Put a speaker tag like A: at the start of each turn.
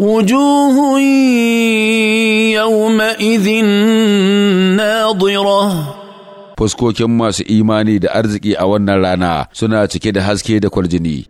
A: وجوه يومئذ ناضره
B: fuskokin masu imani da arziki a wannan rana suna
C: cike da haske da kwarjini.